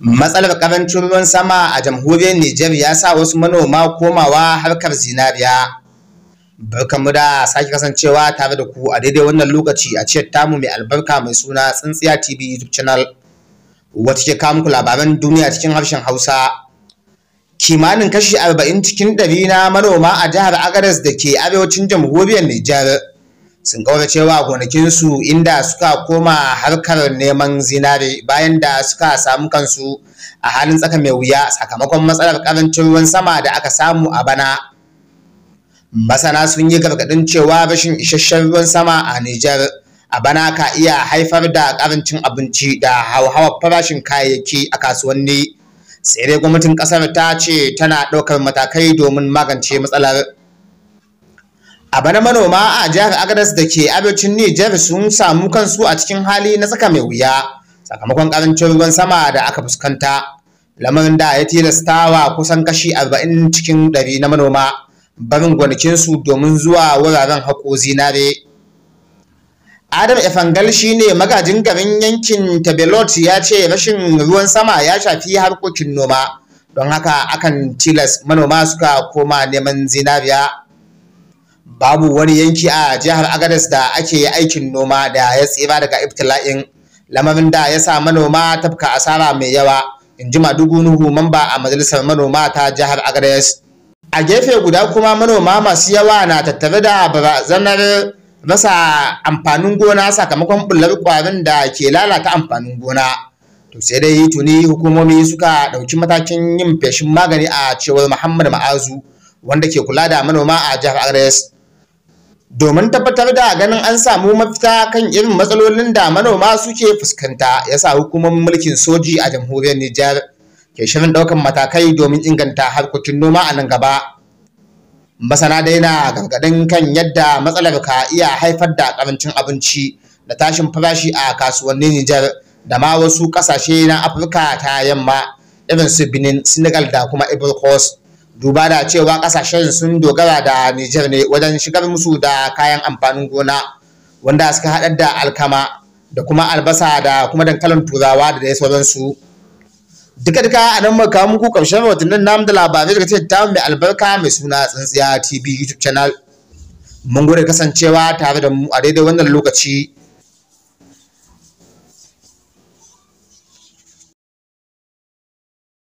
matsalar karancin ruwan sama a jamhuriyar Nijar ya sa wasu manoma komawa harkar zinariya. Barkanmu da sake kasancewa tare da ku a daidai wannan lokaci a ciyar tamu mai albarka mai suna Tsintsiya TV YouTube channel wata ke kawo muku labaran duniya cikin harshen Hausa. Kimanin kashi arba'in cikin ɗari na manoma a jihar Agadez da ke arewacin jamhuriyar Nijar. sun cewa gonakinsu inda suka koma harkar neman zinare bayan da suka samu kansu a halin tsaka mai wuya sakamakon matsalar karancin ruwan sama da aka samu a bana masana sun yi gargaɗin cewa rashin isasshen ruwan sama a Nijar a bana ka iya haifar da karancin abinci da hauhawar farashin kayayyaki a kasuwanni sai dai gwamnatin ƙasar ta ce tana ɗaukar matakai domin magance matsalar a bana manoma a jihar agadas da ke abocin nijar sun samu kansu a cikin hali na tsaka mai wuya sakamakon ƙarancin ruwan sama da aka fuskanta lamarin da ya tilasta wa kusan kashi arba'in cikin ɗari na manoma barin gonakinsu domin zuwa wuraren haƙo zinare adam efangal ne magajin garin yankin tabelot ya ce rashin ruwan sama ya shafi harkokin noma don haka akan tilas manoma suka koma neman zinariya babu wani yanki a jihar agadas da ake yi aikin noma da ya tsira daga ibtila'in lamarin da ya sa manoma tafka asara mai yawa in ji madugu mamba a majalisar manoma ta jihar agadas a gefe guda kuma manoma masu yawa na tattare da barazanar rasa amfanin gona sakamakon bullar kwarin da ke lalata amfanin gona to sai dai tuni hukumomi suka ɗauki matakin yin feshin magani a cewar muhammad ma'azu wanda ke kula da manoma a jihar agadas domin tabbatar da ganin an samu mafita kan irin matsalolin da manoma suke fuskanta ya sa hukumomin mulkin soji a jamhuriyar Nijar ke shirin ɗaukan matakai domin inganta harkokin noma a nan gaba. Masana na gargaɗin kan yadda matsalar ka iya haifar da ƙarancin abinci da tashin farashi a kasuwannin Nijar da ma wasu ƙasashe na Afirka ta yamma irin su Benin, Senegal da kuma Ivory Coast. duba da cewa kasashen sun dogara da Nijar ne wajen shigar musu da kayan amfanin gona wanda suka haɗar da alkama da kuma albasa da kuma dankalin turawa da dai sauransu duka duka a nan muka muku karshen rahotannin nam da labarai daga cikin tamu mai albarka mai suna tsintsiya tv youtube channel mun gode kasancewa tare da mu a daidai wannan lokaci